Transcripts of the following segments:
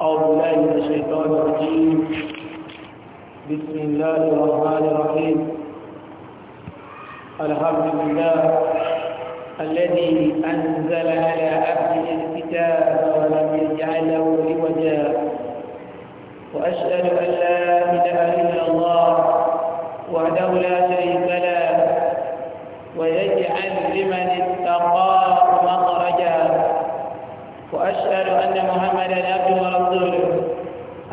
أعوذ بالله من الشيطان الرجيم بسم الله الرحمن الرحيم الحمد لله الذي أنزل على عبده الكتاب ولم يجعل له عوجا وأشهد أن لا إله إلا الله وحده لا شريك له ويجعل لمن اتقى مخرجا وأشهد أن محمدا عبده ورسوله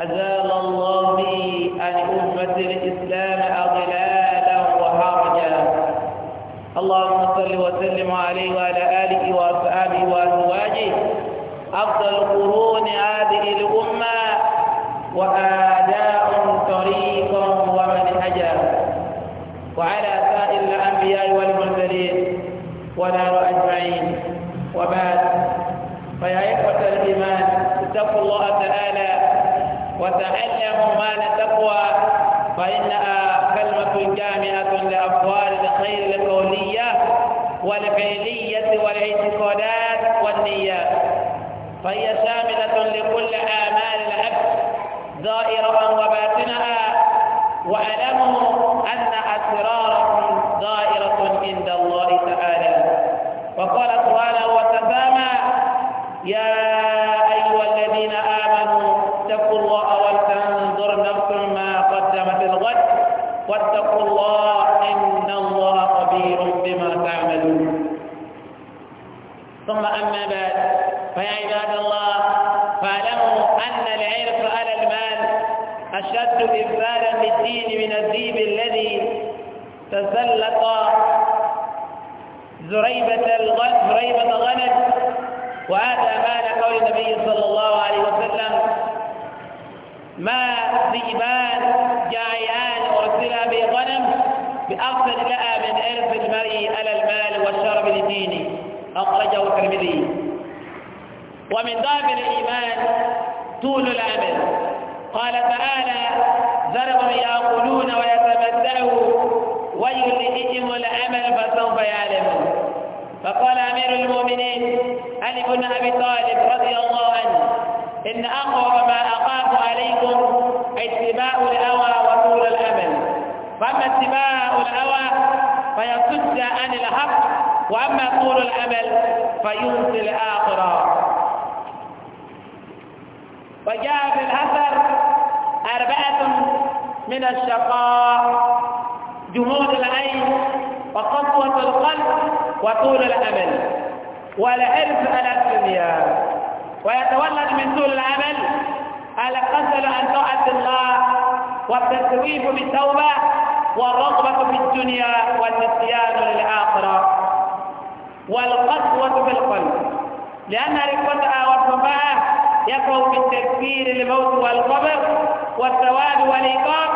أزال الله عن أمة الإسلام أضلالا وحرجا اللهم صل وسلم عليه وعلى آله وأصحابه وأزواجه أفضل قرون هذه الأمة وآداء طريقا ومنهجا وعلى سائر الأنبياء والمرسلين ونار أجمعين وبعد فيا إخوة الإيمان اتقوا الله تعالى وتعلموا معنى التقوى فإنها كلمة جامعة لأفوال الخير القولية والفعلية والاعتقادات والنيات فهي شاملة لكل آمال العبد ظاهرة وباطنها واعلموا أن أسراركم ظاهرة عند الله تعالى وقال سبحانه وتسامى يا أيها الذين آمنوا اتقوا الله ولتنظر نفس ما قدمت الغد واتقوا الله إن الله خبير بما تعملون ثم أما بعد فيا عباد الله فاعلموا أن العرق على المال أشد إفلالا للدين من الذيب الذي تسلط زريبة الغنم وهذا معنى قول النبي صلى الله عليه وسلم ما ذئبان جائعان أرسلا بغنم بأفضل لها من إرث المرء على المال والشرب لدينه أخرجه الترمذي ومن ضعف الإيمان طول الأمل قال تعالى ذرهم يأكلون ويتمتعوا ويلئهم الأمل فسوف يعلمون فقال أمير المؤمنين علي بن أبي طالب رضي الله عنه إن أقرب ما أخاف عليكم اتباع الأوى وطول الأمل فأما اتباع الأوى فيصد عن الحق وأما طول الأمل فينسي الآخرة وجاء في الأثر أربعة من الشقاء جمود العين وقسوة القلب وطول الأمل والحرص على الدنيا ويتولد من طول العمل قسل أن طاعة الله والتسويف بالتوبة والرغبة في الدنيا والنسيان للآخرة والقسوة في القلب لأن القطع آه والصفاء يقع بالتذكير للموت والقبر والثواب والإيقاف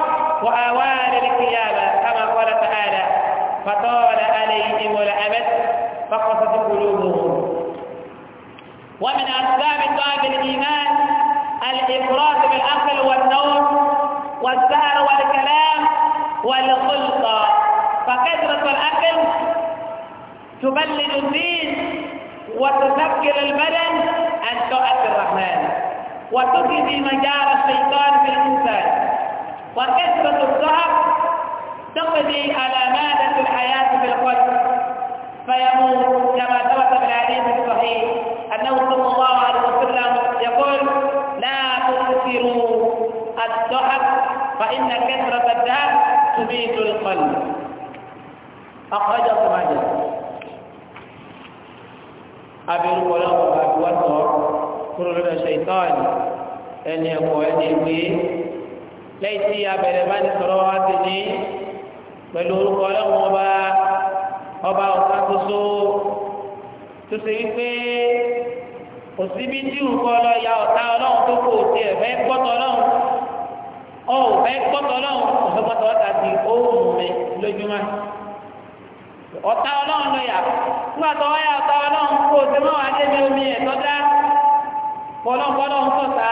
وآوان القيامة كما قال تعالى فطال عليهم الأمد فقصت قلوبهم ومن أسباب ضعف الإيمان الإفراط بالأكل والنوم والسهر والكلام والخلطة فكثرة الأكل تبلد الدين وتسكر البدن ان تؤثر الرحمن وتفضي مجال الشيطان في الإنسان وكثرة السهر تقضي على مادة الحياة في القلب فيموت كما ثبت الحديث الصحيح أنه صلى الله عليه وسلم يقول لا تكثروا الضحك فإن كثرة الذهب تميت القلب أخرجه ماجه أبي الغلام أبي وطر كل الشيطان أن يقول لي ليس يا بلمان صلوات pẹ̀lú orúkọ ọlọ́run ọba ọba ọ̀kan ṣoṣo tó ṣe wípé òsibí tí nǹkan ọlọ́ya ọ̀tá ọlọ́run tó kó òtí ẹ̀ fẹ́ gbọ́tọ̀ ọlọ́run ọ̀ fẹ́ gbọ́tọ̀ ọlọ́run ọ̀fẹ́ gbọ́tọ̀ ọ̀tá ti óòmù mi lójúmọ́ ọ̀tá ọlọ́run ló yà nígbà tó wáyà ọ̀tá ọlọ́run kó òtí mọ́ wàá débi omi ẹ̀ tọ́já fọlọ́fọlọ́run sọ̀tá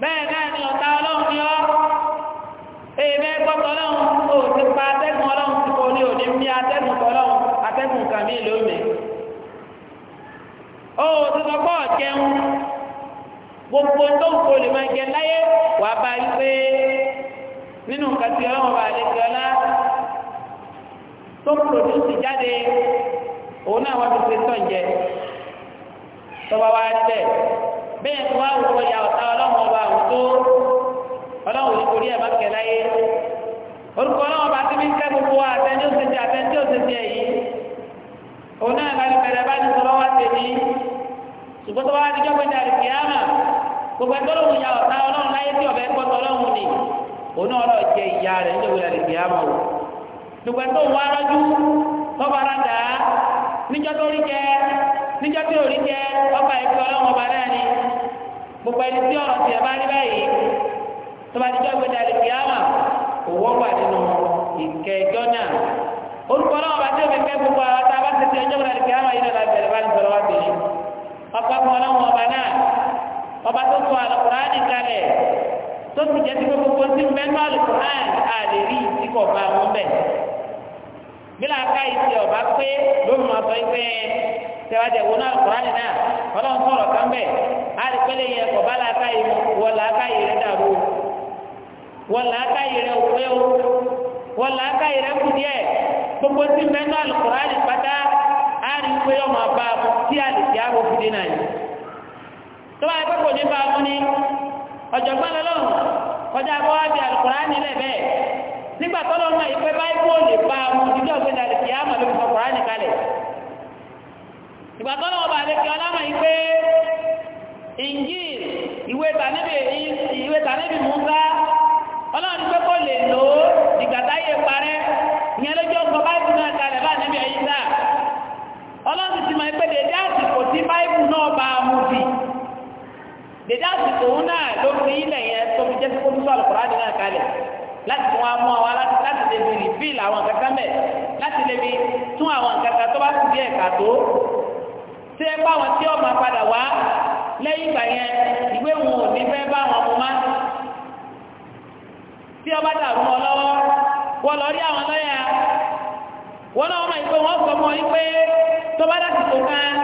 bẹ́ẹ̀ ọlọ́run ni èèmẹ gbọ́tọ̀ lọ́hùn ó ti pa atẹ́gùn ọlọ́hùn ti kọ́ ní òní ní atẹ́gùn tọ́lọ́hùn atẹ́gùn kàmí lómi ó ti sọ pé ọ̀jẹun gbogbo tó ń kọlù máa jẹ láyé wàá bá rí pé nínú nǹkan tí ọlọ́run bá lè fi ọlá tó pòdúsì jáde òun náà wọ́n fi ṣe tán jẹ tọba wa rí bẹ́ẹ̀ bẹ́ẹ̀ tó wá wọ ya ọ̀tá ọlọ́run ọba àwọn. dùgbẹ́ tó wá lọ́jú lọ́ba rádà níjọ́ tó rí jẹ níjọ́ tó rí jẹ ọba ìfẹ́ ọlọ́wọ́n ọba náà ni gbogbo ẹni tí ọ̀rọ̀ tiẹ̀ bá rí báyìí tó bá níjọ́ gbé dalẹ̀ kí á mà òwò wà nínú ìkẹjọ́ náà orúkọ ọlọ́wọ́n ọba tí ó fi fẹ́ gbogbo àwọn tá a bá ti ti ọjọ́ gbé dalẹ̀ kí á mà yìí náà láti bẹ̀rẹ̀ bá ní sọ̀rọ̀ wá bẹ̀rẹ̀ ọba fún ọlọ́wọ́n ọba náà ọba tó tó àlùkùránì kalẹ̀ tó ti jẹ́ sí gbogbo tí mẹ́nu àlùkùránì àlè rí ìsíkọ̀ bá wọn bẹ̀ bílà ká ìsì ọba pé lómi máa sọ pé tẹwàjẹ wo náà kọ́ra nínú à ọlọ́run sọ̀rọ̀ kan bẹ́ẹ̀ á rí pélé yẹn kọ̀ bá làákà yìí wọ́n làákà yìí rẹ̀ dàrú wọ́n làákà yìí rẹ̀ òpé o wọ́n làákà yìí rẹ̀ kù díẹ̀ gbogbo tí mẹ́nu àlùkòrá ní pátá á rí pé ọmọ bá a mú tí àlùkí àrò fi dé náà yìí tó bá yẹ kó ní bá a mú ni ọ̀jọ̀gbọ́n lọ́lọ́run kọjá bọ́ wá bí àlùkòrá nílẹ̀ nígbà tọ́lọ ọjọ́ ògbéni àdìsí yá màlúù fún ọkùnrin nìkalẹ̀ ìgbà tó lọ́wọ́ bá lẹ́kẹ́ ọlámà yìí pé Injil ìwé tàníbì Mùsá ọlọ́run pé kò lè lò ó ìgbàdá yé parẹ́ ìyẹn lójú ọkọ̀ báyìí náà kalẹ̀ bá níbi ẹ̀yìn náà ọlọ́run ti máa pé dèdé àsìkò tí báyìí náà láti wọn mú àwọn láti lè fi rìfíìlì àwọn kankan mẹ́ láti lè fi tún àwọn kankan tó bá kù díẹ̀ kàtó ṣé báwọn tí ọmọ padà wá lẹ́yìn ìgbà yẹn ìwé wọn ò ní fẹ́ báwọn mú má tí ọba dàrú wọn lọ́wọ́ wọ́n lọ rí àwọn lọ́yà wọ́n náà wọ́n máa ń pè wọ́n sọ mọ́ ẹ pé tó bá dàtí tó kan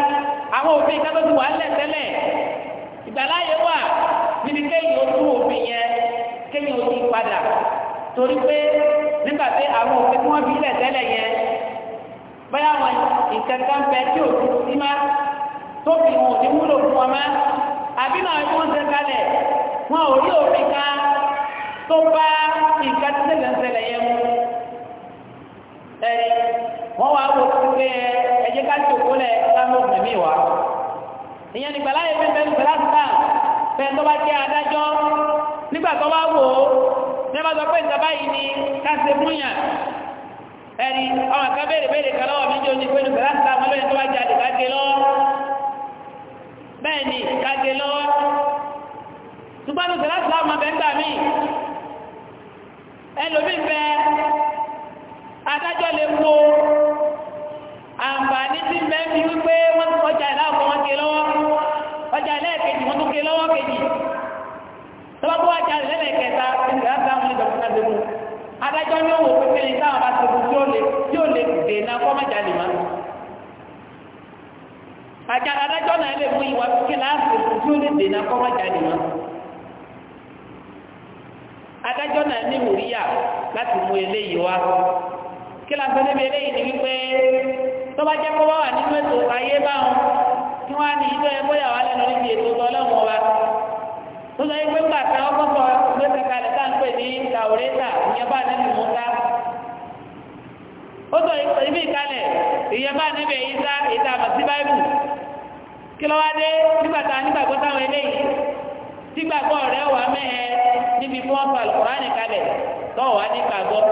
àwọn òfin kan tó ti wà lẹ̀ tẹ́lẹ̀ ìgbàláyé wà níbi kéyìn ó tún òfin yẹn kéyìn ó yí padà torí pé nígbà tí àwọn òfin tí wọ́n fi lẹ̀ tẹ́lẹ̀ yẹn báyà wọn ìkẹta ń bẹ tí ò ti sí má tó fi wọn ò ní wúlò fún wọn má àbí náà tí wọ́n ṣe kalẹ̀ wọn ò rí òfin kan tó bá nǹkan tí ṣẹlẹ̀ ń ṣẹlẹ̀ yẹn mu ẹ̀rí wọ́n wá wò sí pé ẹ̀jẹ̀ ká tó kó lẹ̀ sáwọn òfin mi wá ìyẹn nígbà láyé fẹ́ fẹ́ fẹ́ láti tàn fẹ́ tó bá jẹ́ adájọ́ nígbà tó bá wò ó ní ẹbá sọ pé ìjọba yìí ni káṣe fún yàn ẹni ọmọ kan béèrè béèrè kan lọ́wọ́ mi jẹ́ oní pé nígbà láti ta ọmọlẹ́yìn tó bá jáde ká gé lọ́wọ́ bẹ́ẹ̀ ni ká gé lọ́wọ́ ṣùgbọ́n nígbà láti ta ọmọ bẹ́ẹ̀ gbà mí ẹlòmíì fẹ́ adájọ́ lè wo àǹfààní tí ń bẹ́ẹ̀ fi wípé wọ́n ti kọjá ìlà ọkọ̀ wọn gé lọ́wọ́ ọjà ẹlẹ́ẹ̀kejì wọ́n tún gé lọ́wọ́ kejì tọ́wọ́ adájọ́ fún ẹgbẹ́ mu adájọ́ ní òwò pé kéyìn táwọn bá ti fún yóò lè yóò lè dènà kọ́mọ̀jà lè má. adájọ́ náà lè mú ìwà kíláàsì yóò lè dènà kọ́mọ̀jà lè má. adájọ́ náà ní wòríyà láti mú eléyìí wá kíláàsì níbi eléyìí ni wípé tó bá jẹ́ kó wá wà nínú ètò ayé báwọn tí wọ́n á ní ilé ẹgbẹ́ yàwá lẹ́nu níbi ètò ọlọ́run ọba tó sọ pé gbàtà ọkọ̀kọ̀ lóṣẹ̀ kalẹ̀ tá ń pè ní tàwórẹ́tà ìyẹn bá nẹ́bí mọ́tà ó sọ ibi ìkalẹ̀ ìyẹn bá nẹ́bí ẹ̀yìn sá ìta àmọ̀ sí báìbù kí ló wá dé nígbàtà nígbàgbọ́ táwọn eléyìí nígbàgbọ́ rẹ̀ wà mẹ́ẹ̀ níbi fún ọ̀pọ̀ alukurani kalẹ̀ tọ́wọ̀ wá nígbàgbọ́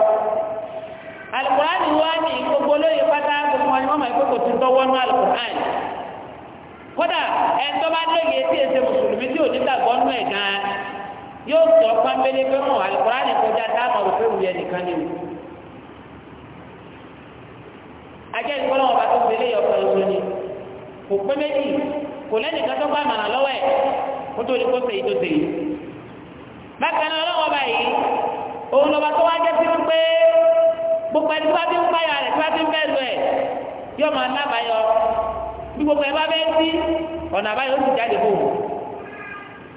alukurani wá ní gbogbo olóyè pátá gbogbo wọn ni wọ́n mọ̀ kódà ẹ̀tọ́ bá lóye tí èsè mùsùlùmí tí ò ní gbàgbọ́ nù ẹ̀ gan-an yóò sọ pàmpẹ́lẹ́ pé hmm, mọ̀ àlùkùránì kọjá táwọn òfin wuyẹ nìkan ni o. ajẹ́ ìkọ́lọ́ wọn bá tó gbélé ọkọ̀ ìṣó ni kò pé méjì kò lẹ́nu kan tó gbà màrà lọ́wọ́ ẹ̀ kó tó ní kó sèyí tó sèyí. bákan náà ọlọ́wọ́ báyìí òun lọ́ba tó wá jẹ́ sínú pé gbogbo ẹni tó bá tí gbogbo ẹ bá bẹ sí ọ̀nà àbáyọ ó sì jáde fún un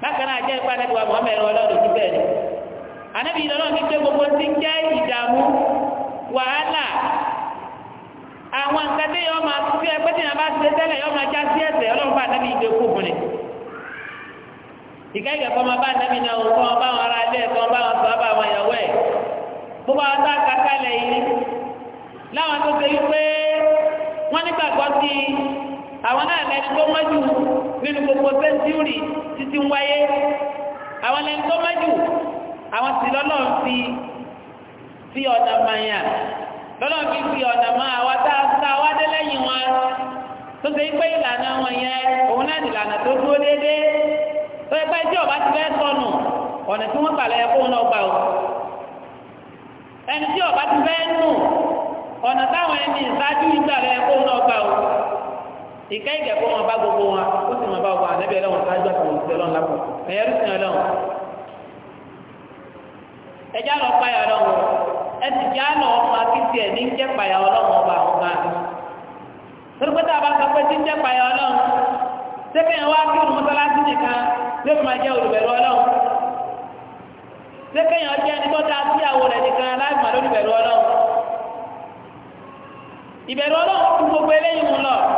bákan náà jẹ́ ipá nẹ́gbẹ̀wá Muhammed ọlọ́run ti bẹ́ẹ̀ ni ti gbé gbogbo ti jẹ́ ìdààmú wàhálà àwọn nǹkan tí yọ máa fi ẹgbẹ́ tí yàrá bá ti tẹ́lẹ̀ yọ já sí ẹsẹ̀ ọlọ́run bá ìgbé kú fún bá náà bá wọn ilé bá wọn sọ ìyàwó a yìí láwọn tó àwọn náà lẹni tó mọ́jú nínú gbogbo sẹ́ńtúrì títí ń wáyé àwọn lẹni tó mọ́jú àwọn sì lọ́lọ́ fi fi ọ̀nà mayà lọ́lọ́ fi fi ọ̀nà mọ́ àwa tá a sá wá dé lẹ́yìn wọn tó ṣe pé ìlànà wọn yẹn òun náà nìlànà tó dúró déédéé tó yẹ pé tí ọba ti fẹ́ sọnù ọ̀nà tí wọ́n ti fẹ́ ìka ìgbàgbọ́ wọn ọba gbogbo wọn ó sì máa bá ọba ànábì ọlọ́run sáájú àti òun sí ọlọ́run lápò ẹ̀yẹ rúsìn ọlọ́run ẹjá lọ páyà ọlọ́run ẹ sì já ọmọ akíntì ẹ̀ ní ń jẹ́ páyà ọlọ́run ọba ọba bá sọ pé tí ń jẹ́ páyà ọlọ́run sẹ́fẹ̀ wá kí òun mọ́sálásí nìkan ló fi máa jẹ́ olùbẹ̀rù ọlọ́run sẹ́fẹ̀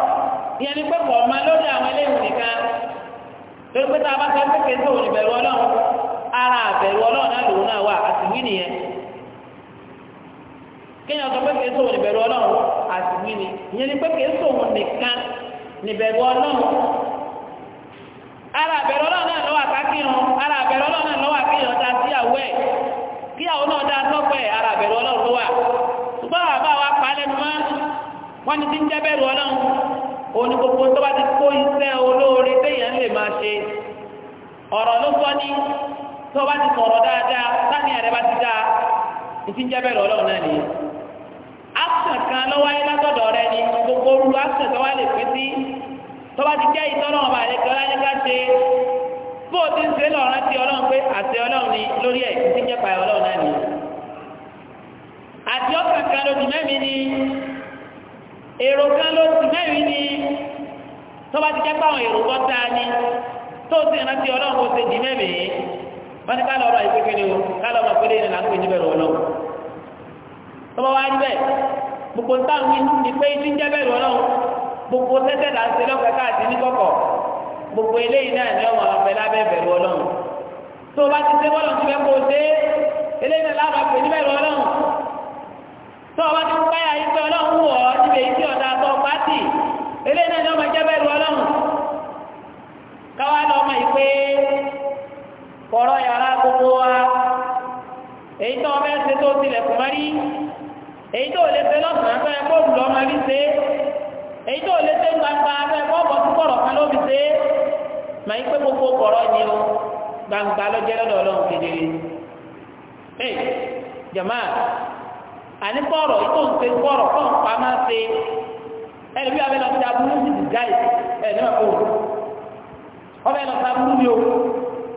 ìyẹn ni pé kọ̀ ọ̀ma lórí àwọn eléyìí nìkan lórí pé tá a bá sọ pé kéde òun ìbẹ̀rù ọlọ́run ara àbẹ̀rù ọlọ́run náà lòun náà wà àtìwí nìyẹn kéèyàn sọ pé kéde òun ìbẹ̀rù ọlọ́run àtìwí ni ìyẹn ni pé nìkan ara àbẹ̀rù ọlọ́run náà lọ́wọ́ ara àbẹ̀rù ọlọ́run náà lọ́wọ́ síyàwó ẹ̀ kíyàwó náà dá sọ́pẹ́ ara àbẹ̀rù ọlọ́run àbá wa mọ́ ti ń jẹ́ òní gbogbo tó bá ti kó iṣẹ́ olóore téèyàn lè máa ṣe ọ̀rọ̀ ló sọ ní tó bá ti sọ̀rọ̀ dáadáa sáni ẹ̀rẹ́ bá ti dáa ìtí ń jẹ́bẹ̀rẹ̀ ọlọ́run náà nìyẹn. action kan lọ́wọ́ ayé látọ̀dọ̀ rẹ ni gbogbo olú action tó wá lè pín sí tó bá ti jẹ́ ìtọ́nà ọba àlejò ọlọ́yẹ́ká ṣe bó o ti ń ṣe lọ́rùn ti ọlọ́run pé àṣẹ ọlọ́run ni lórí ẹ̀ ìtí ń jẹ́ pààyà ọlọ́run náà nìyẹn. àti ọkàn kan lójú mẹ́mi ni èrò kan ló ti mẹ́rin ni tó bá ti jẹ́ àwọn èrò bọ́ tá a ní tó sì rántí ọlọ́run ó ti mẹ́rin wọ́n ká ìpínpín ni o ká ní ọlọ́run tó bá wá níbẹ̀ gbogbo táwọn pé ti jẹ́ bẹ̀rù ọlọ́run gbogbo tẹ́tẹ́ là ń ṣe lọ́pẹ́ ní gbogbo eléyìí náà ni ọmọ o tó o bá ti páyà yìí pé ọlọ́run wọ̀ ọ́ níbi èyí tí ọ̀dà tó o pátì eléyìí náà ni ọmọ jẹ́ bẹ́ẹ̀ lu ọlọ́run káwá lọ ọmọ yìí pé kọ̀rọ̀ yàrá gbogbo wa èyí tó o bẹ́ẹ̀ ṣe tó tilẹ̀kùn mọ́rí ni o gbangba lọ́jẹ́ lọ́dọ̀ ọlọ́run kedere. jama àní kọ́rọ̀ tó ń ṣe kọ́rọ̀ kọ́ pa máa ṣe ẹni bí abẹ́ lọ aburú sí dìgáì ẹni wà ọbẹ̀ aburú o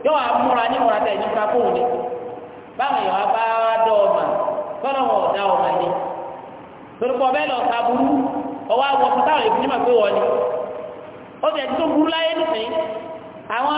yọ wà múra ní múra tẹ̀ ní ká fóun báwọn èèyàn bá dọ̀ ọ̀mà kọ́nà wọn ọ̀dà ọ̀mà ni torí ọbẹ̀ lọ aburú ọwọ́ táwọn èèyàn fi pé wọ́n ni ó ti ẹ̀ tó burú láyé àwọn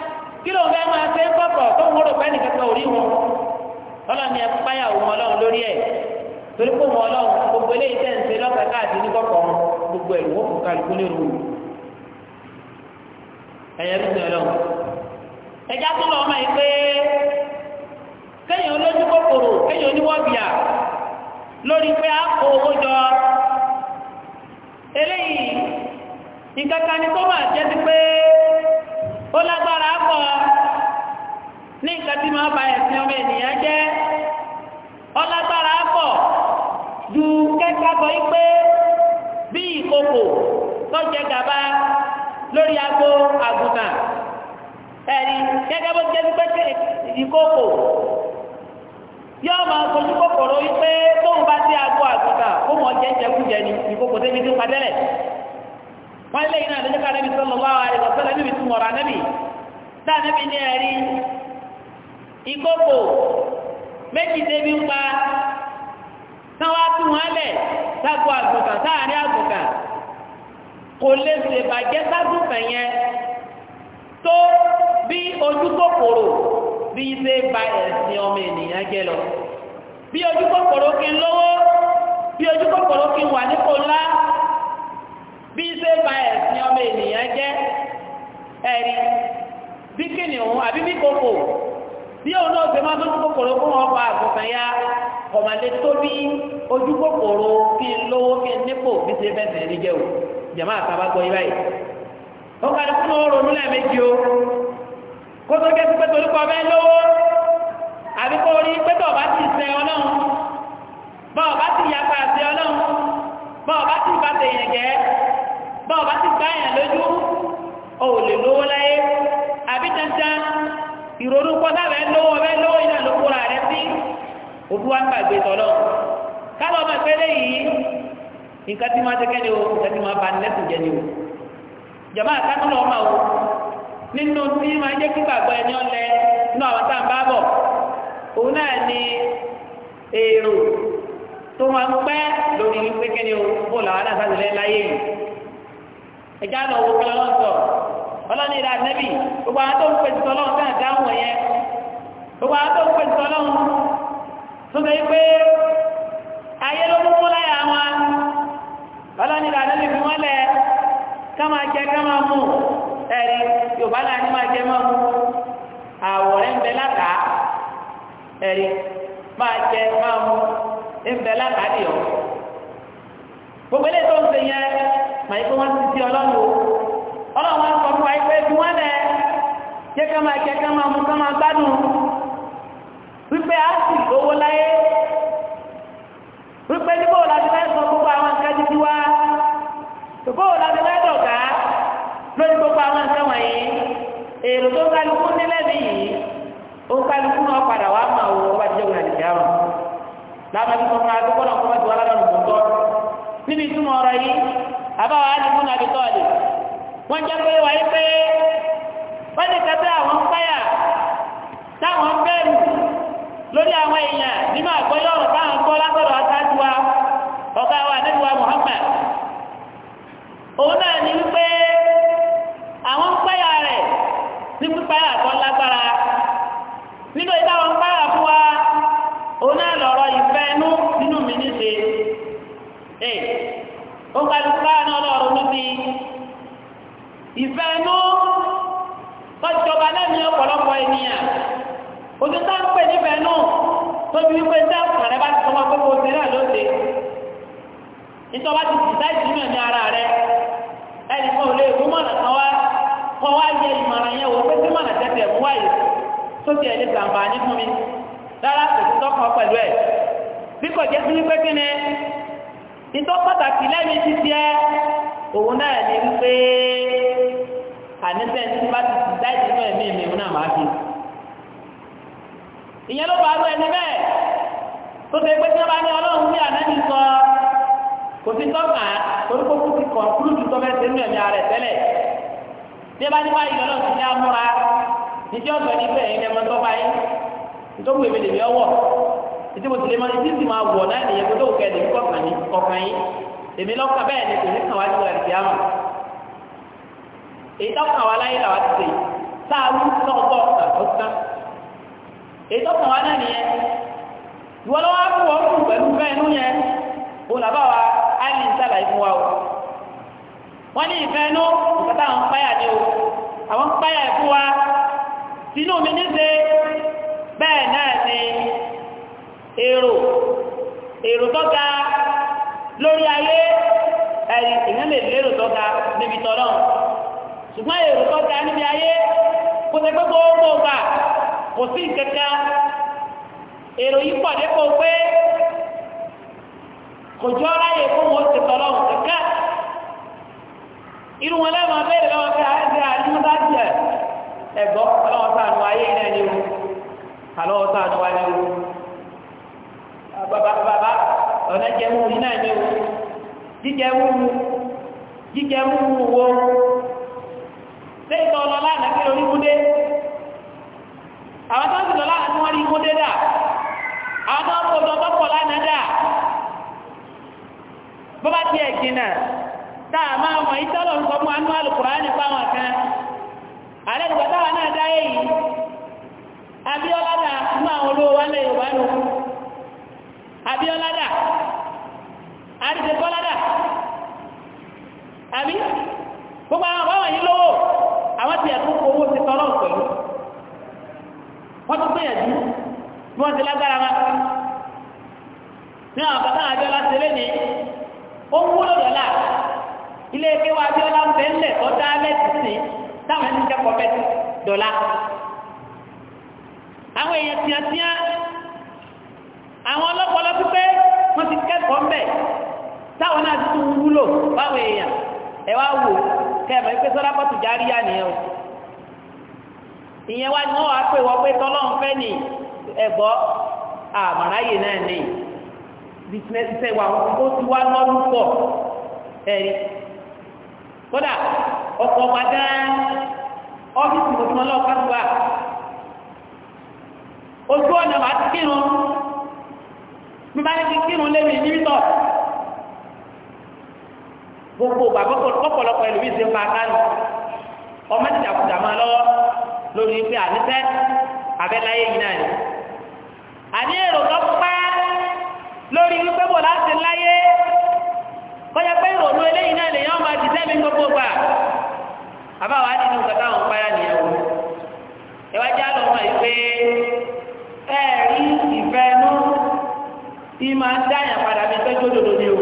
kí ló ń fẹ́ máa ṣe kọ̀kọ̀ tó ń wọ́rọ̀ pẹ́ẹ́nì kankan orí wọn ọlọ́ni ẹ páyà òun ọlọ́run lórí ẹ̀ torí pé òun ọlọ́run gbogbo eléyìí tẹ̀ ń ṣe lọ́kàn káàdì ní kọ̀kọ̀ wọn gbogbo ẹ̀rù wọ́n kò kálukú lérò ẹ̀yẹ bí sọ ọlọ́run ẹ̀já tó lọ ọmọ yìí pé kéèyàn olójú kòkòrò kéèyàn oníwọ́bìà lórí pé a kó owó jọ eléyìí nǹkan kan ni tó máa jẹ́ sí pé. ó lágbára pọ̀ ní nǹkan tí máa ba ẹ̀sìn ọmọ ènìyàn jẹ́ ó lágbára pọ̀ ju kẹ́kọ̀ọ́ yìí pé bí ìkòkò tó jẹ gàba lórí agbo àgùntàn ẹ̀rí gẹ́gẹ́ bó jẹ́ pé ìkòkò yóò máa sojú kòkòrò yìí pé tóun bá sí agbo àgùntàn kó mọ̀ jẹ́ jẹ́kújẹ ni ìkòkò wọ́n lè iná àdójọ́ kan níbi sallallahu alaihi wasallam níbi tí wọ́n rà níbi dá ní ẹ̀rí ìkókò méjì débi ń pa táwa tún wọn lẹ̀ ságo àgùntàn sáàárín àgùntàn kò lè ṣèbàjẹ́ ságùntàn yẹn tó bí ojú kòkòrò bí ṣe ba ẹ̀sìn ọmọ ènìyàn jẹ́ lọ bí ojú kòkòrò kí n lówó bí ojú kòkòrò kí wà bí ṣe ẹ̀sìn ọmọ ènìyàn jẹ́ ẹ̀rí bí àbí bí kòkò bí òun náà ṣe máa tó kòkòrò fún ọkọ àgùntàn ya ọmọdé tó bí ojú kòkòrò kí n lówó kí n nípò bí o jẹ̀má àtàbà gbọ́ o kó tó kẹ́sí pé torí kọ́ bẹ́ẹ̀ lówó àbí kó rí pé ti sẹ́ ọlọ́run ti àti bọ́ ọba ti gbá yàn lójú o ò lè lówó láyé àbí dandan ìrònú kọ́tà bẹ́ẹ̀ lówó bẹ́ẹ̀ lówó iná ló kóra rẹ sí òfin wa ń gbàgbé tọ́lọ́ káàbọ̀ ọmọ ìpele yìí nǹkan tí wọ́n ti kẹ́ni o nǹkan tí wọ́n bá nílẹ̀kùn jẹ ni o jọba àkàtúntò ọmọ o nínú tí máa jẹ́ kí gbàgbọ́ ẹni ọ̀lẹ́ nínú àwọn tá à ń bá bọ̀ òun náà ni èrò tó máa ń pẹ́ lórí wípé kẹ́ni o bó làwọn náà sáà ẹjá lọ wo kí lọ́wọ́ sọ ọlọ́ni ìlà nẹ́bì gbogbo àwọn tó ń pèsè tọ́lọ́run náà dáhùn ẹ̀yẹ gbogbo àwọn tó ń pèsè tọ́lọ́run tó ṣe pé ayé ló mú láyà wọn ọlọ́ni ìlà nẹ́bì fi wọ́n lẹ̀ ká máa jẹ ká máa mú ẹ̀rí yorùbá náà ní máa jẹ máa mú àwọ̀ rẹ̀ ń bẹ látàá ẹ̀rí máa jẹ máa mú ń bẹ látàá nìyọ̀ gbogbo ilé tó ń ṣe yẹn mà yìí pé wọ́n ti ti ọlọ́run o ọlọ́run wọn sọ fún wa yìí pé bí wọ́n lẹ̀ jẹ́ ká máa jẹ́ ká máa mú ká máa gbádùn wípé a sì gbowó láyé wípé níbo la ti fẹ́ sọ gbogbo àwọn nǹkan títí wá gbogbo la ti fẹ́ dọ̀gá lórí gbogbo àwọn nǹkan wọ̀nyí èrò tó kálukú nílẹ̀ nìyí ó kálukú náà padà wá máa wọ ọba tí ó gbà nìyá àbáwá á ní fún nàbí tọ́ọ̀lì wọ́n jẹ́ pé wáyé pé wọ́n ní kẹta àwọn páyà táwọn bẹ́ẹ̀rù lórí àwọn èèyàn nínú àgbọ́yọ̀rọ̀ táwọn kọ́ látọ̀rọ̀ àtàjúwa ọ̀gá wa nílùú wa Muhammad òun náà ní tóbi wípé ní àwọn rẹ bá ti sọ wọn pé kò sí náà lóde nítorí wọn ti sì sáìsì náà ní ara rẹ ẹnì kan ò lè mú mọ̀nà kan wá kọ́ wá yẹ ìmọ̀ràn yẹn wò pé sí mọ̀nà tẹ̀tẹ̀ mú wáyé tó ti ẹ̀lẹ́ sàǹfààní fún mi rárá kò sí tọkọ pẹ̀lú ẹ̀ bí kò jẹ́ sí wípé kí ni nítorí pàtàkì lẹ́mí ti tiẹ́ òun náà ní wípé àníṣẹ́ ní bá ti sì sáìsì náà ní ìmì ìyẹn ló bàárù ẹni bẹ́ẹ̀ tó ṣe pé tí wọ́n bá ní ọlọ́run ní ànábì sọ kò sí tọ́ka torí kó kúti kọ̀ kúlùtù tó fẹ́ẹ́ sínú ẹ̀mí ara ẹ̀ tẹ́lẹ̀ tí wọ́n bá ní báyìí lọ́lọ́run ti ní amúra níjẹ́ ọ̀sẹ̀ ní bẹ́ẹ̀ ní ẹmọ tọ́ba yín nítorí èmi lèmi ọwọ́ títí mo ti lè mọ ní títí máa wọ̀ náà nìyẹn kó tóun kẹ́ẹ̀ lèmi kọ̀ọ̀kan yín kọ̀ọ̀kan ni kò ní kàn wá ju ẹ̀rìndì àmọ̀ èyí tọ́kàn wá láyé làwọn ti ètò kan wá náà nìyẹn ìwọ lọ wá fún pẹ̀lú fẹ́ yẹn òun làbá wa á lè ń sàlàyé fún wa o wọ́n ní ìfẹ́ inú nǹkan táwọn ń páyà ní o àwọn ń páyà fún wa sínú mi níṣe bẹ́ẹ̀ náà ni èrò èrò tó ga lórí ayé kò sí nǹkankan èrò yìí pàdé kó pé kò jọ ara yẹ kó wọn ti tọrọ nǹkankan irun wọn lẹ́nu abẹ́rẹ́ lọ́wọ́ pé àyẹ̀dẹ́ àdúgbò jẹ ẹ̀gbọ́n ọlọ́wọ́ sànù ayé náà ni o àlọ́wọ́ sànù ayé o bàbá bàbá ọ̀nà jẹ́mú náà ni o jíjẹ́mú jíjẹ́mú wo ṣé ìtọ́ ọlọ́lá àná kí lórí kúndé àwọn tó ń sọ̀rọ̀ láàrín tí wọ́n rí kó dé dà àwọn tó ń kó lọ tọ́pọ̀ lánàá dà bó bá tiẹ̀ jìnà tá a máa mọ̀ ìtọ́lọ̀ ń sọ fún anú àlùkùránì fáwọn kan àlẹ́ ìgbà táwọn náà dá èyí abiolada nínú àwọn olówó wa lẹ́yìn òbá nù abiolada àdìsẹ́kọ́lada àbí gbogbo àwọn àbáwọ̀nyí lówó àwọn tiẹ̀ tó kó owó ti tọ́lọ̀ pẹ̀lú wọ́n ti gbìyànjú bí wọ́n ti lágbára wa ní àwọn bàtà àjọ láti lé ní ó ń wúlò lọ́la ilé ike wa abiola ń bẹ ńlẹ̀ tó dá lẹ́tì sí táwọn ẹni kẹ́kọ̀ọ́ bẹ́ẹ̀ dọ̀la àwọn èèyàn tíátíá àwọn ọlọ́pọ̀lọ́ pípé wọ́n ti kẹ́kọ̀ọ́ ń bẹ̀ táwọn náà ti tún wúlò báwọn èèyàn ẹ̀ wá wò kẹ́ẹ̀mọ̀ ìpèsè ọlápọ̀tù járíyá nìyẹn o ìyẹn wá ní wọ́n wá pé wọ́n pé tọ́lọ́run fẹ́ ní ẹ̀gbọ́ àmàráyè náà ní bísínẹ́sì fẹ́ wà ó ti wá lọ́dún pọ̀ ẹ̀rí kódà ọkọ̀ ọba dáa ọ́fíìsì kò tán lọ́ọ̀ká tó wà ojú ọ̀nà wà ti kírun bí bá ní ti kírun lémi ní mítọ̀ gbogbo bàbá ọ̀pọ̀lọpọ̀ ẹlòmíì ṣe ń pa kánù ọmọ ìdàkudà máa lọ́wọ́ lórí pé àníṣẹ́ abẹ́láyé yìí náà ni àní èrò tó pẹ́ lórí wípé bò láti láyé kọjá pé ìrònú eléyìí náà lèyàn máa ti sẹ́mi gbogbo gbà àbáwá nínú kàtà àwọn páyà nìyẹn wò ẹwà já lọ mọ̀ pé ẹ̀rí ìfẹ́nú tí máa ń dáyà padà bí tẹ́jú òdòdó ni o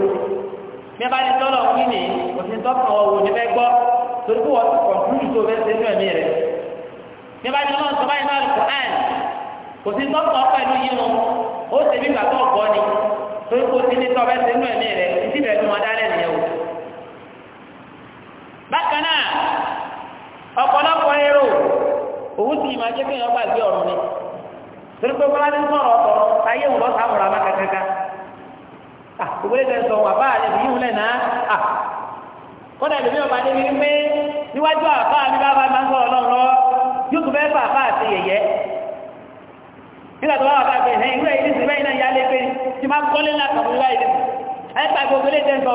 mẹ́bà ní tọ́lọ̀ kí ni òsì tọ́kàn ọ̀wọ̀ ní fẹ́ gbọ́ torí kó wọ́n ti kọ̀ọ̀tún ìṣòfẹ́ sínú ẹ̀mí rẹ̀ nígbà tí ọlọ́run sọ́bàá iná alukur'an kò sí tọ́tọ̀ pẹ̀lú yìí o ó sì bí gbàgbọ́ ni torí kò sí ní tọ́bẹ̀ sínú ẹ̀mí rẹ̀ títí bẹ̀rẹ̀ wọn o. bákan náà ọ̀pọ̀lọpọ̀ èrò òwú sì máa jẹ́ kéèyàn gbàgbé ọ̀run ni torí pé sọ̀rọ̀ ọ̀tọ̀ ayé wò lọ́sàá sọ wà náà níwájú àbá mi bá bá máa ń sọ̀rọ̀ lọ́wọ́ yóò tún fẹ́ fà bá àti yẹ̀yẹ́ nígbà tó bá wà bá bẹ̀ ẹ̀hìn ìwé ìdí sí bẹ́ẹ̀ náà yá lé pé tí máa kọ́lé látọ̀ ìwé ìdí ẹ̀ pa gbogbo lè tẹ́sọ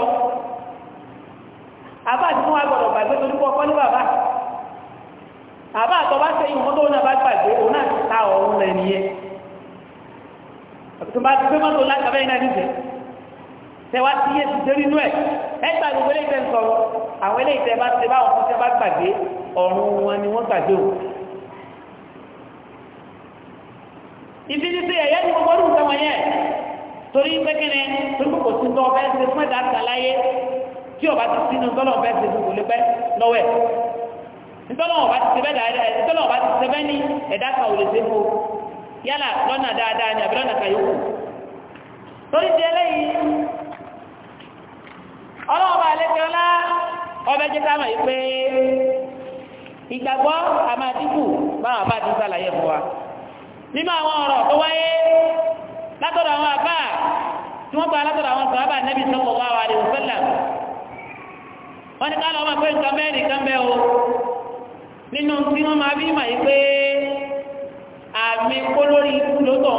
àbá àti fún wa gbọ́dọ̀ gbàgbé tó dúpọ̀ kọ́lé bàbá àbá àtọ́ bá ṣe ìwọ̀n tó náà bá gbàgbé òun náà ti yé ti dérí inú ẹ̀ ẹ̀ pa gbogbo lè tẹ́sọ àwọn eléyìí tẹ bá ti bá ọ̀run tẹ bá gbàgbé ọ̀run wọn ni wọ́n gbàgbé òun ìfi ní sí ẹ̀yẹ́ ní gbogbo ọdún nǹkan wọ̀nyẹn torí pékinni torí kò sí tọ́ ọ̀fẹ́ ṣe fún ẹ̀dá àtàláyé tí ọba ti sínú tọ́lọ̀ ọ̀fẹ́ ṣe fún olùpẹ́ lọ́wẹ́ ntọ́lọ̀ ọba ti ṣẹbẹ́ ní ẹ̀dá kan ò lè ṣe fún yálà lọ́nà dáadáa ni àbí lọ́nà torí ti ọlọ́ọ̀bà ọbẹ̀ jẹ́ pé ìgbàgbọ́ báwọn ti sàlàyé fún wa. nínú àwọn ọ̀rọ̀ tó wáyé látọ̀dọ̀ àwọn àbá tí wọ́n gba látọ̀dọ̀ àwọn sàábà nẹ́bí sallallahu alaihi wasallam wọ́n ní káàlọ́ máa pé nǹkan mẹ́rin kan bẹ́ o nínú tí wọ́n máa bí màá yí pé àmì kó lórí ikú ló tọ̀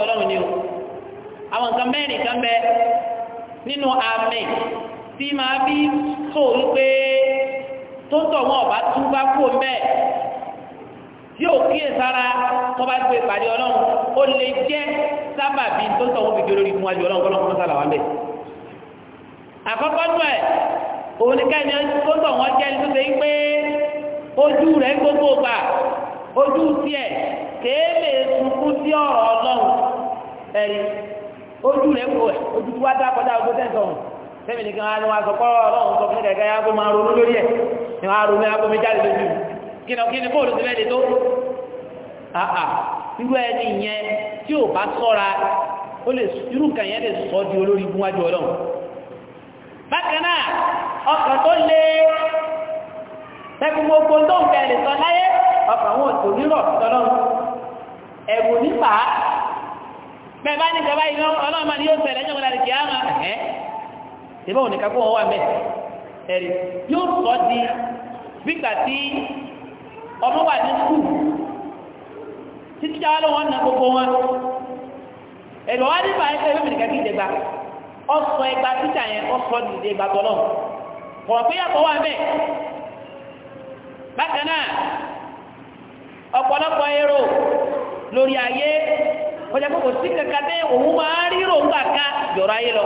ọlọ́run ni o àwọn nǹkan mẹ́rin kan bẹ tí ò kíyè sára tó bá gbé ìpàdé ọlọ́run ó lè jẹ́ sábàbí tó ń sọ̀wọ́ fìdí olórí fún wájú ọlọ́run kọ́lọ́run kọ́lọ́run sálà wà ń bẹ̀. àkọ́kọ́ nù ẹ̀ òun ni káyọ̀ tó ń sọ̀wọ́ jẹ́ ẹni tó ṣe ń pé ojú rẹ̀ gbogbo gbà ojú tiẹ̀ kéèlè sunkún sí ọ̀rọ̀ ọlọ́run ẹ̀rí ojú rẹ̀ kò ẹ̀ ojú tí wá dá kọjá ojú tẹ̀sán tẹ́mi nìkan wá ní wá sọ gínà kí ni bóòlù ti fẹ́ lè tó àà irú ẹni yẹn tí ò bá sọ́ra ó lè irú nǹkan yẹn lè sọ di olórí ibú wájú ọlọ́run bákan náà ọkàn tó lé tẹ́kùn gbogbo tó ń bẹ̀rẹ̀ lè sọ láyé ọkàn wọn ò nírọ̀ tọ́lọ́run ẹ̀rù nípa ni yóò bẹ̀rẹ̀ ẹjọ́ láti kí á máa ẹ̀ ṣe bá ọmọ wà ní skul títí jáwá ló wọn na gbogbo wọn èrò wá nípa ẹgbẹ́ ìwé mìíràn kí ìdẹ̀gbà ọ̀sọ̀ ẹgbà títà yẹn ọ̀sọ̀ dìde ìgbà tọ́lọ̀ kọ̀ọ̀ pé yàtọ̀ wà bẹ́ẹ̀ bákan náà ọ̀pọ̀lọpọ̀ èrò lórí ayé kọjá pé kò sí kankan dé òun máa rí ròǹgbà ká jọ̀rọ̀ ayé lọ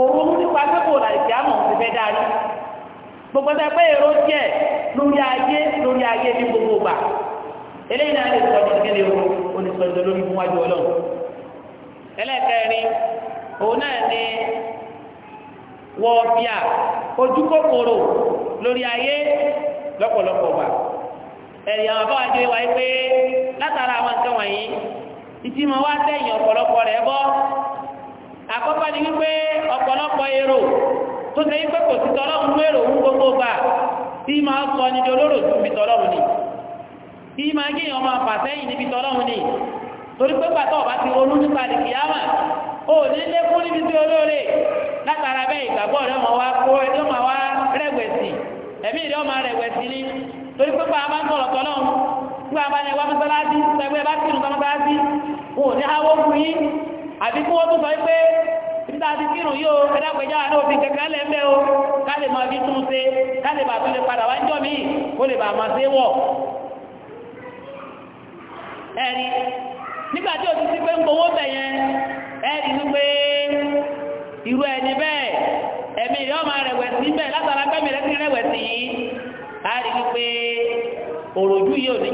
òun nípa pé kò láì sí àmọ̀ òun ti fẹ́ dáa rí gbogbo ẹgbẹ́ pé èrò jẹ́ lórí ayé lórí ayé ní gbogbo gbà eléyìí náà lè sọ ní ìkẹ́lẹ̀ o onísọ̀dọ̀ lórí fún wájú ọlọ́run ẹlẹ́kẹ̀rin òun náà ni wọ́ọ̀bíà ojú kòkòrò lórí ayé lọ́pọ̀lọpọ̀ gbà àwọn pé látara àwọn nǹkan wọ̀nyí ìtì mọ̀ wá tẹ̀yìn ọ̀pọ̀lọpọ̀ rẹ̀ bọ́ àkọ́kọ́ ni tó ṣe yí pé kò sí tọ́lọ́run mẹ́rọ òun gbogbo gbà tí máa sọ ní ni tí máa gíyàn ọma fà níbi ni torí pé pàtó ọba ti ronú nípa lè kíyàmà ó ní lékún níbi tí olóore látara bẹ́ẹ̀ ìgbàgbọ́ rẹ̀ ọmọ wa kó wa rẹ̀wẹ̀sì ẹ̀mí ọmọ wa mọ́sálásí bá kírun wọn ò ní háwó fún yín àbí kí wọ́n tún sọ tá a ti kírun yóò ẹ̀dá pẹ̀já òfin o ká lè máa fi tún un ṣe ká lè bàa lè padà wá jọ́ míì kó lè bàa máa ṣe wọ̀. ẹ̀rí nígbà tí o ti ti pé ń gbowó bẹ̀ yẹn ẹ̀rí ni pé bẹ́ẹ̀ ẹ̀mí ọmọ rẹ̀ wẹ̀ sí bẹ́ẹ̀ látara pẹ́mi rẹ̀ ti rẹ̀ i pé òròjú yìí ò ní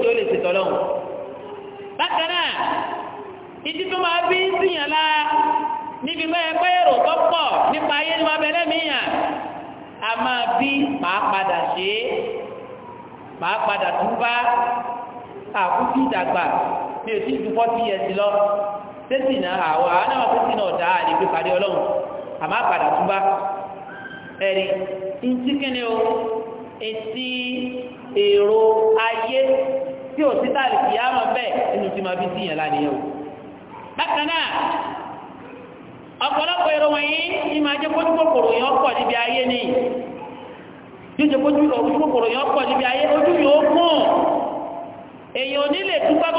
níbi mẹ́rin pé èrò tó pọ̀ nípa ayé ní wàá bẹ̀rẹ̀ míyàn a máa bí màá padà ṣe é màá padà tún bá àkútì ìdàgbà mi ò tí ì dúpọ́ sí ẹsìn lọ tẹ́sì náà àwọn àwọn náà tẹ́sì náà dá àdìgbé pàdé ọlọ́run àmá padà tún bá ẹ̀rí ntí kíni o etí èrò ayé tí ò sí tàlìkì yá máa bẹ́ẹ̀ nínú tí máa bí sí yẹn ọ̀pọ̀lọpọ̀ èrò wọ̀nyí ni máa jẹ́ kójú kòkòrò níbi ayé ni yóò jẹ́ kójú kòkòrò níbi ayé ojú yóò mọ̀ èèyàn ní lè dúpẹ́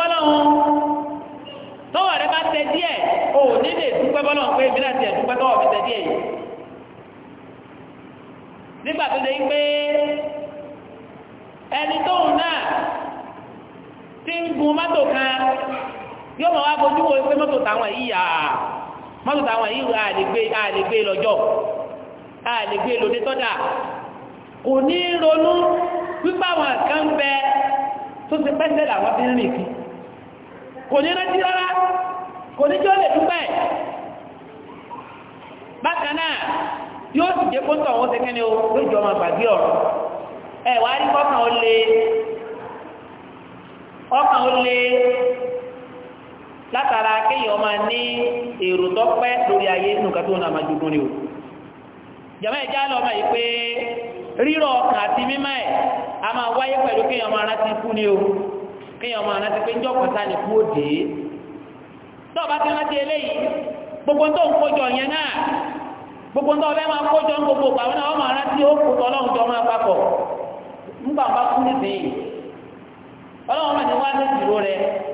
rẹ bá tẹ díẹ̀ o nílè lè pé ìbílẹ̀ fi tẹ díẹ̀ yìí nígbà tó mọ́tò táwọn yìí a lè gbé a lè gbé lọ́jọ́ a lè gbé lóde tọ́jà kò ní ronú wípé àwọn kan bẹ tó ti pẹ́sẹ̀ làwọn ti rìn kí kò ní rántí rárá kò ní jọ́ lè dúpẹ́ bákan yóò sì jẹ́ kóńtọ̀ wọn tẹ́kẹ́ jọ ọmọ látara kéèyàn ma ní èrò tọ́pẹ́ lórí ayé nǹkan tó náà máa jogún ni o jàmáà ìjà lọ yí pé àti mímọ́ ẹ̀ a ma wáyé pẹ̀lú kéèyàn máa rántí o pé kú o ti rántí eléyìí gbogbo tó ń kójọ yẹn náà gbogbo tó máa kójọ ń gbogbo pàwọn rántí ó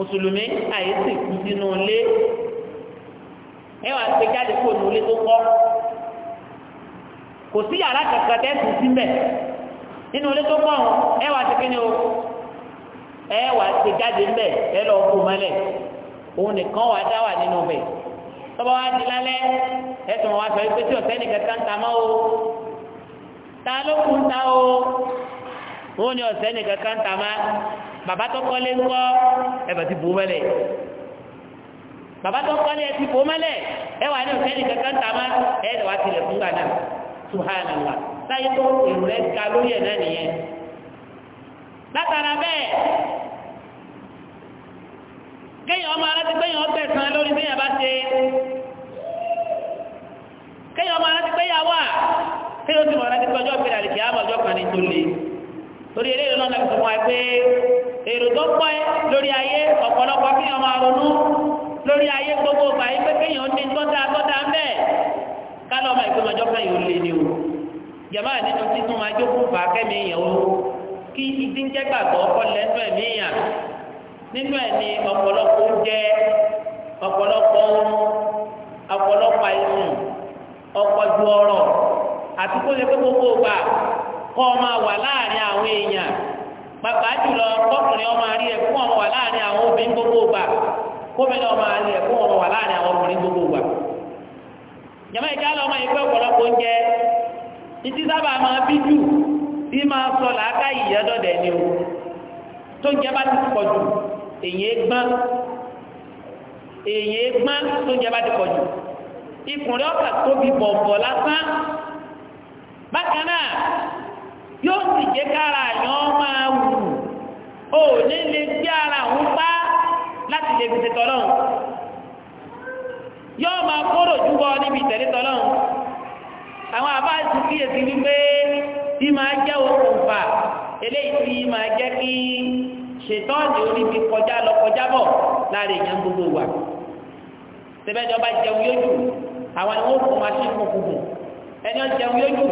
mùsùlùmí àyèsí kú sínú ilé ẹwà gbé jáde kó nu ilé tó kọ́ kò sí yàrá kankan tẹ́sí síbẹ̀ nínú ilé tó kọ́ ọ̀hún ẹwà ti kíni o ẹwà gbé jáde ńbẹ ẹ lọ kó mọ́lẹ̀ òun nìkan wà dá wà nínú bẹ̀ tọ́ba wa di lálẹ́ ẹ̀sùn wa sọ pé tí ọ̀sẹ́ nìkan kan ta mọ́ o ta ló kún ta o òun ni ọ̀sẹ́ nìkan kan ta mọ́ bàbá tó kọ́lé ńkọ́ ẹ̀bà ti bò mọ́lẹ̀ bàbá tó kọ́lé ẹ ti bò mọ́lẹ̀ ẹ wà ní òṣèlú kankan tà má ẹ wà tilẹ̀ fún gbàdá subhanallah táyé tó èrò rẹ ga lórí ẹ̀ náà nìyẹn látara bẹ́ẹ̀ kéèyàn ọmọ aláti gbẹ̀yàn ọbẹ̀ san lórí bí yàn bá ṣe kéèyàn ọmọ aláti gbẹ̀yàn wà kéèyàn ó ti mọ̀ aláti gbẹ̀yàn ọjọ́ ìpínlẹ̀ àlìkè àmọ̀ ọjọ́ kan ní tó le torí eléyìí náà lọ́nà ìfọwọ́ ẹgbẹ́ èrò tó pọ̀ ẹ́ lórí ayé ọ̀pọ̀lọpọ̀ kí ọmọ àrònú lórí ayé gbogbo ọgbà yìí pé kéèyàn ní tọ́ta tọ́ta ń bẹ́ẹ̀ kálọ̀ ọmọ ìgbìmọ̀jọ́ kan yóò lé ní o jàmbá nínú títún máa jókòó fà kẹ́mi èèyàn o kí ìdí ń jẹ́ gbàgbọ́ ọkọ lẹ́nu ẹ̀mí èèyàn nínú ẹ̀ ni ọ̀pọ̀lọpọ̀ oúnjẹ ọ̀pọ̀lọpọ̀ ohun ọ̀pọ̀lọpọ̀ àìsùn ọ̀pọ̀jù ọ̀rọ̀ àti kó lè pé gbogbo ọgbà kọ́ máa wà láàrin àwọn èèyàn pàpà jùlọ kọkùnrin ọmọ àrí ẹ fún ọmọ wà láàrin àwọn obìnrin gbogbo gbà kóbìnrin ọmọ àrí ẹ fún ọmọ wà láàrin àwọn ọkùnrin gbogbo gbà. jama ìjà lọ ọmọ yìí pé ọ̀pọ̀lọpọ̀ oúnjẹ títí sábà máa bí jù bí máa sọ làákà ìyẹ́dọ̀dẹ̀ ni o tó ń jẹ bá ti pọ̀ jù èyí gbọ́n èyí gbọ́n tó ń jẹ bá ti pọ̀ jù ikùnrin ọkà tóbi bọ̀bọ̀ lásán bákan náà yóò sì jẹ́ kára yàn máa wù ó ní lè gbé ara òun pa láti lè fi ṣe tọ́lọ́run yóò máa kóró júbọ níbi ìtẹ̀lé tọ́lọ́run àwọn àbá ti kíyèsí wípé bí máa jẹ́ òkùnfà eléyìí tí máa jẹ́ kí ṣètọ́ọ̀nì orí fi kọjá lọ kọjá bọ̀ láàrin èèyàn gbogbo wa tẹ́bẹ́ni ọba jẹun yóò jù àwọn ni wọ́n fún maṣíìnì kùkùkù ẹni ọ jẹun yóò jù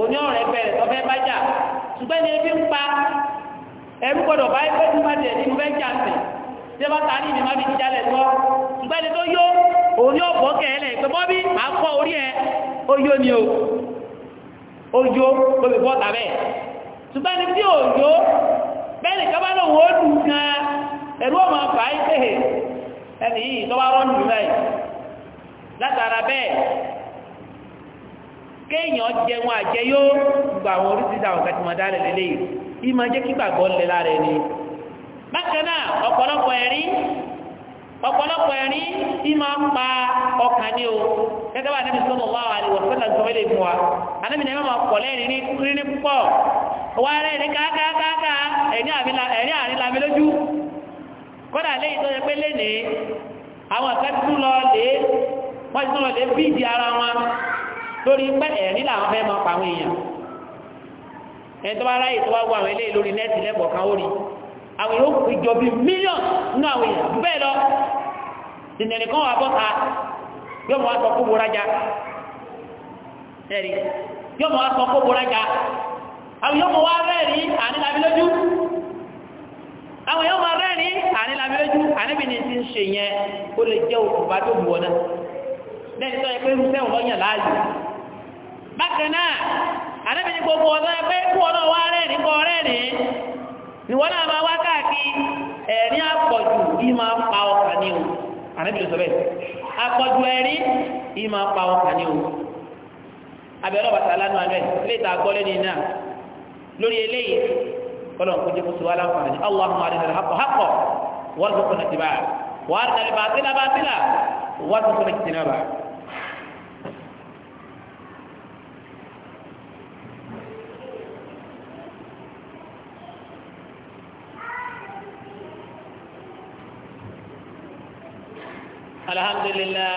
òní ọ̀rẹ́ bẹ̀rẹ̀ tọ́fẹ́ bá jà ṣùgbọ́n ní ebi ń pa ẹ̀rú gbọ́dọ̀ bá ẹgbẹ́ tó bá jẹ ní mo fẹ́ jà sí ṣé bá ta ní ìdí má fi ti jalè sọ ṣùgbọ́n ní tó yó òní ọ̀bọ̀ kẹ̀lẹ̀ pé bọ́ bí màá fọ́ orí ẹ ó yó ni o ó yó ló fi bọ́ tàbẹ́ ṣùgbọ́n ní tí ò yó bẹ́ẹ̀ nìkan bá lòun ó dùn gan ẹ̀rú ọmọ fàá ẹni yìí tọ́ bá rọ́ọ̀nù báyìí kéèyàn jẹun àjẹyó gbogbo àwọn oríṣiríṣi àwọn kẹtì wọn dálẹ̀ lélẹ́yìí bí máa jẹ́ kí gbàgbọ́ lára ẹni. bákan ọ̀pọ̀lọpọ̀ ọ̀pọ̀lọpọ̀ máa ń pa ọkàn ní o gẹ́gẹ́ bá anábì sallallahu alaihi wasallam sọ wẹ́lẹ̀ fún wa anábì náà máa lẹ́rìn ní púpọ̀ rẹ́rìn káàkáàkáà àárín lami lójú lẹ́yìn tó yẹ pé lénìí àwọn lọ lé wọ́n ti lé bíìdì ara wọn lórí pé ẹ̀rí làwọn fẹ́ máa pa àwọn èèyàn ẹni tó bá ráyè tó wá wọ àwọn eléyìí lórí nẹ́ẹ̀tì lẹ́kọ̀ọ́ kan ó rí àwọn èèyàn ó fi jọ bíi mílíọ̀n nínú àwọn èèyàn jù bẹ́ẹ̀ lọ ìnìyàn kan wà bọ́ta yóò mọ̀ wá sọ kó boraja ẹ̀rí yóò mọ̀ wá sọ kó boraja àwọn èèyàn mọ̀ wá rẹ́ẹ̀rí ànílábí lójú àwọn èèyàn máa rẹ́rin ànílábí lójú àníbìnrin ti ń ṣe yẹn ó lè jẹ́ òkùnbá tó bù ọ náà lẹ́yìn tó yẹ bákan náà àdébìnrin gbogbo ọ̀dọ́ pé kú ọ̀nà wá rẹ̀rìn kọ rẹ̀rìn ni wọ́n náà máa wá káàkiri ẹ̀rí àpọ̀jù yìí máa pa ọkàn ní o àdébìnrin sọ bẹ́ẹ̀ àpọ̀jù ẹ̀rí yìí máa pa ọkàn ní o abẹ́rẹ́ bàtà lánàá rẹ̀ lè ta gbọ́ lẹ́ni náà lórí eléyìí kọ́lọ̀ kó jẹ́ kó sọ wá láǹfààní allahumma arina al-haqqa haqqan warzuqna ittiba'a wa arina al-batila batila warzuqna ijtinaba الحمد لله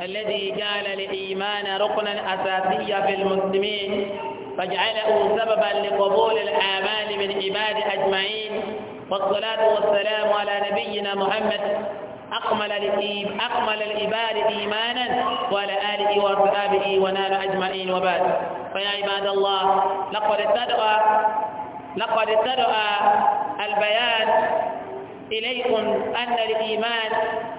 الذي جعل الإيمان ركنا أساسيا في المسلمين فاجعله سببا لقبول الآمال من عباد أجمعين والصلاة والسلام على نبينا محمد أكمل الإيب أكمل العباد إيمانا وعلى آله وأصحابه ونال أجمعين وبعد فيا عباد الله لقد استدعى لقد استدعى البيان إليكم أن الإيمان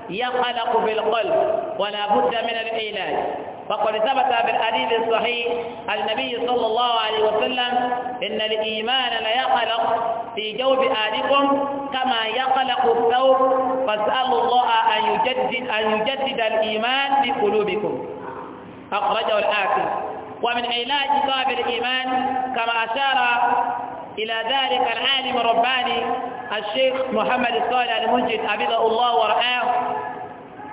يخلق بالقلب ولا بد من العلاج فقد ثبت بالحديث الصحيح النبي صلى الله عليه وسلم إن الإيمان لا يخلق في جوف أحدكم كما يخلق الثوب فاسألوا الله أن يجدد, أن يجدد الإيمان في قلوبكم أخرجه الحاكم ومن علاج طاب الإيمان كما أشار إلى ذلك العالم الرباني الشيخ محمد الصالح المنجد حفظه الله ورعاه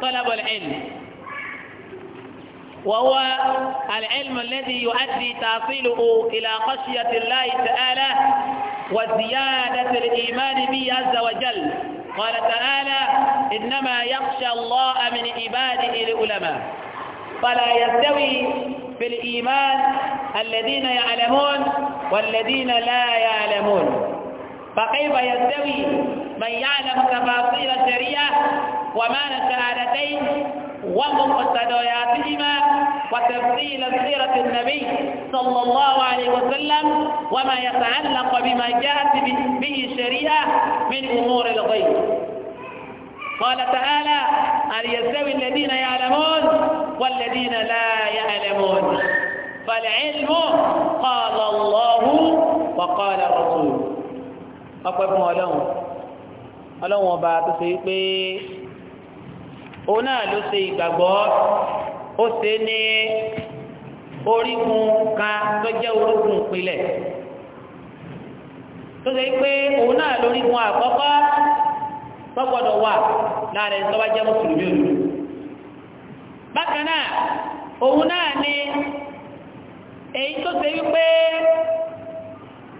طلب العلم وهو العلم الذي يؤدي تاصيله إلى خشية الله تعالى وزيادة الإيمان به عز وجل قال تعالى إنما يخشى الله من عباده العلماء فلا يستوي في الإيمان الذين يعلمون والذين لا يعلمون فكيف يستوي من يعلم تفاصيل الشريعة ومعنى الشهادتين ومقتضياتهما وتفصيل سيرة النبي صلى الله عليه وسلم وما يتعلق بما جاءت به الشريعة من أمور الغيب قال تعالى هل يستوي الذين يعلمون والذين لا يعلمون فالعلم قال الله وقال الرسول ọpẹ́ fún ọlọ́run ọlọ́run ọba tó ṣe pé òun náà ló ṣe ìgbàgbọ́ ó ṣe ní orígun kan tó jẹ́ orígun ìpìlẹ̀ tó ṣe pé òun náà lórígun àkọ́kọ́ tó gbọ́dọ̀ wà láàrin tó bá jẹ́ mùsùlùmí òdùdù bákan náà òun náà ni èyí tó ṣe wípé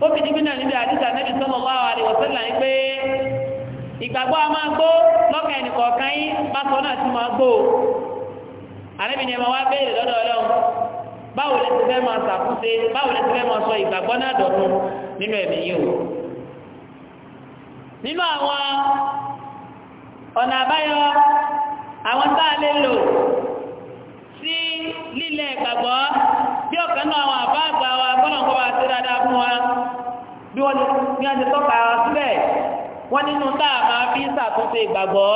ó fi níbi náà níbi àdìsá Nábì sallallahu alaihi wasallam yìí pé ìgbàgbọ́ a máa gbó lọ́kà ẹnìkọ̀ọ̀kan yín bákan náà ti máa gbó àníbi ni ẹ̀ma wá béèrè lọ́dọ̀ ọlọ́run báwo lẹ ti fẹ́ máa ṣàkóso báwo lẹ ti fẹ́ máa sọ ìgbàgbọ́ náà dọ̀tun nínú ẹ̀mí yìí o nínú àwọn ọ̀nà àbáyọ àwọn tá a lè lò sí lílẹ̀ ìgbàgbọ́ bí ọ̀kan náà àwọn àbá ọlọ́run bá dáadáa fún wa bí wọ́n ní a, ti tọ́ka sílẹ̀ wọ́n nínú tá a máa fi ṣàtúnṣe ìgbàgbọ́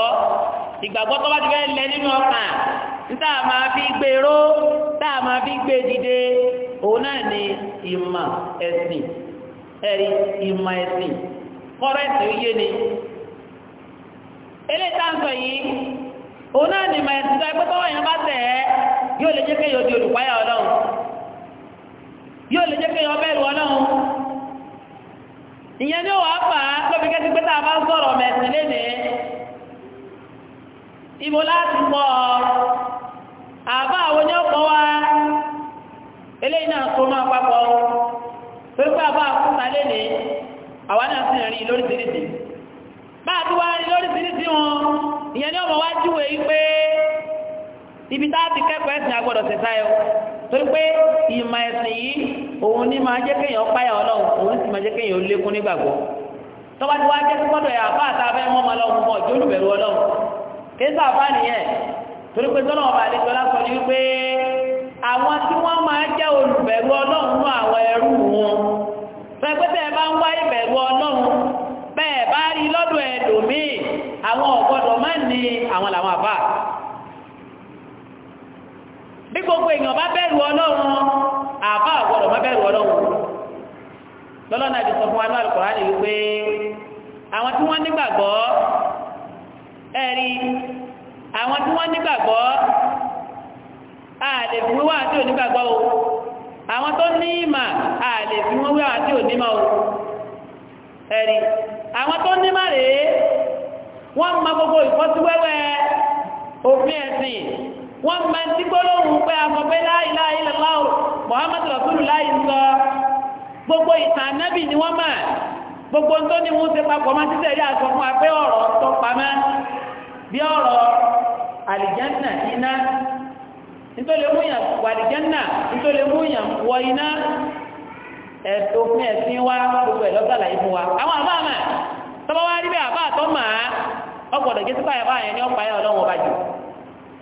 ìgbàgbọ́ tó bá ti fẹ́ lẹ nínú ọkàn tá a máa fi gbé ró tá a máa fi gbé dìde òun náà ni ìmọ̀ ẹ̀sìn ẹ̀rí ìmọ̀ ẹ̀sìn kọ́rẹ́ǹtì yé ni eléyìí tá à ń sọ yìí òun náà ni ìmọ̀ ẹ̀sìn tó ẹgbẹ́ tó yẹn bá tẹ̀ ẹ́ yóò lè jẹ́ kéèyàn di ọlọ́run yóò lè jẹ́ pé ọbẹ̀ ìlú ọlọ́run ìyẹn ní wàá fà á lóbi kẹ́sí pé tá a bá ń sọ̀rọ̀ mẹ̀sìn lénìí ibo láti pọ̀ àbá àwọn ní ọ̀pọ̀ wa eléyìí náà tó máa papọ̀ tó gbà bá fúnta lénìí àwa náà sì rìn lóríṣiríṣi bá a ti wá rìn lóríṣiríṣi wọn ìyẹn ní ọmọ wá júwèé pé ibi tá ti kẹ́kọ̀ọ́ ẹ̀sìn agbọ́dọ̀ tẹ̀sáyọ̀ torí pé ìmọ̀ ẹ̀sìn yìí òun ní máa jẹ́ kéèyàn páyà ọlọ́run òun sì máa jẹ́ kéèyàn lékún nígbàgbọ́ tọ́ba tí wàá jẹ́ sí gbọ́dọ̀ yà fún àtàfẹ́ mọ́ ọmọ ọlọ́run mọ́ ìjọ olùbẹ̀rù ọlọ́run kéésà fà nìyẹn torí pé tọ́lọ́ ọba àlejò lásọ ni wípé àwọn tí wọ́n máa jẹ́ olùbẹ̀rù ọlọ́run nú àwọn ẹrú wọn fẹ́ pé tẹ́ ẹ bá ń wá ìbẹ̀rù ọlọ́run bẹ́ẹ̀ bá rí lọ́dọ̀ ẹ̀dùn míì àwọn ọ̀gbọ́dọ̀ má ní àwọn làwọn àbá bí gbogbo èèyàn bá bẹ̀rù ọlọ́run àbá àgbọ̀dọ̀ má bẹ̀rù ọlọ́run lọ́lọ́nà àti sọ fún wa ní Al-Kùránì wípé àwọn tí wọ́n nígbàgbọ́ ẹ̀rí àwọn tí wọ́n nígbàgbọ́ àti onígbàgbọ́ o àwọn tó ní ìmà àti o ẹ̀rí àwọn tó rèé wọ́n mọ gbogbo ìfọ́síwẹ́wẹ́ òfin ẹ̀sìn wọ́n máa ń tí gbólóhùn pé afọ́fẹ́ la ilaha illallah Muhammadu Rasulullah sọ gbogbo ìtàn anábì ni wọ́n gbogbo tó ní wọ́n ṣe papọ̀ máa títẹ̀ rí fún apẹ́ ọ̀rọ̀ tó pamẹ́ bí ọ̀rọ̀ iná nítorí wọ wa gbogbo ẹ̀ lọ́gbàlá wa àwọn àbá àmà tọ́bọ́ wá rí bí àbá àtọ́ màá ọgbọ̀dọ̀ jẹ́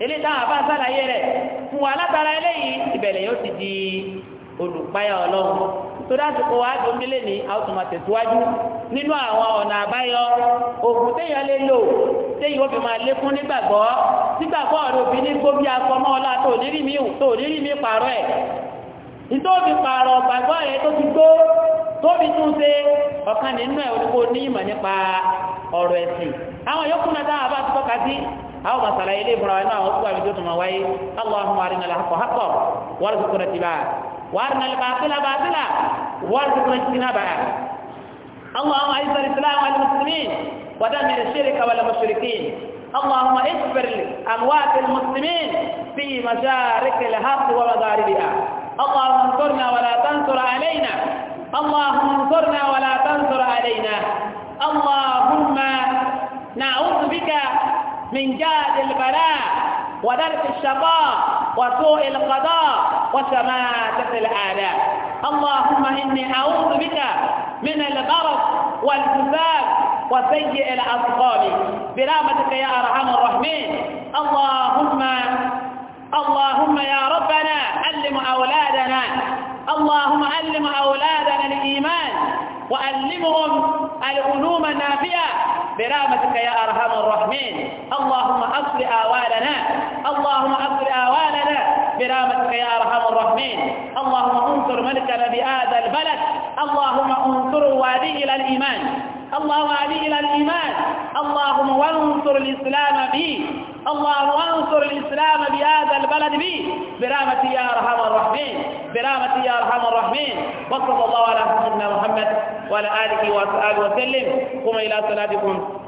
ilé táwọn àbá sàlàyé rẹ̀ fún wa látara eléyìí ìbẹ̀lẹ̀ yóò ti di olùpáyà ọlọ́run torí àsìkò wa dùn nílé ní àwòtúmọ̀ tẹ̀síwájú nínú àwọn ọ̀nà àbáyọ òògùn téèyàn lè lò téèyàn ó fi máa lékún nígbàgbọ́ nígbàgbọ́ ọ̀rọ̀ òbí ní gbóbi akọmọ ọlá tó nírí mi tó nírí mi pààrọ̀ ẹ̀ pààrọ̀ gbàgbọ́ rẹ̀ tó gbó tún ṣe ọ̀kan nínú ẹ̀ ní ìmọ̀ nípa ọ̀rọ̀ ẹ̀sìn àwọn yòókù أو مثلا إليه فراينا أخوة بدون موي اللهم أرنا الحق حقا وارزقنا اتباعه وأرنا الباطل باطلا وارزقنا اجتنابه اللهم أعز الإسلام والمسلمين ودمر الشرك والمشركين اللهم اغفر لأموات المسلمين في مشارق الحق ومغاربها اللهم انصرنا ولا تنصر علينا اللهم انصرنا ولا تنصر علينا اللهم نعوذ بك من جاد البلاء ودرك الشقاء وسوء القضاء وشماتة الآلاء اللهم إني أعوذ بك من الغرق والكساد وسيء الأطفال برحمتك يا أرحم الراحمين اللهم اللهم يا ربنا علم أولادنا اللهم علم أولادنا الإيمان وألمهم العلوم النافعة برحمتك يا أرحم الراحمين اللهم أصل آوالنا اللهم أصل آوالنا برحمتك يا أرحم الراحمين اللهم انصر ملكنا بهذا البلد اللهم انصر وادي إلى الإيمان اللهم هدي إلى الإيمان اللهم وانصر الإسلام به اللهم وانصر الإسلام بهذا البلد به برامتي يا رحم الرحمن برامتي يا رحم الرحمن وصلى الله على سيدنا محمد وعلى آله وصحبه وسلم قم إلى صلاتكم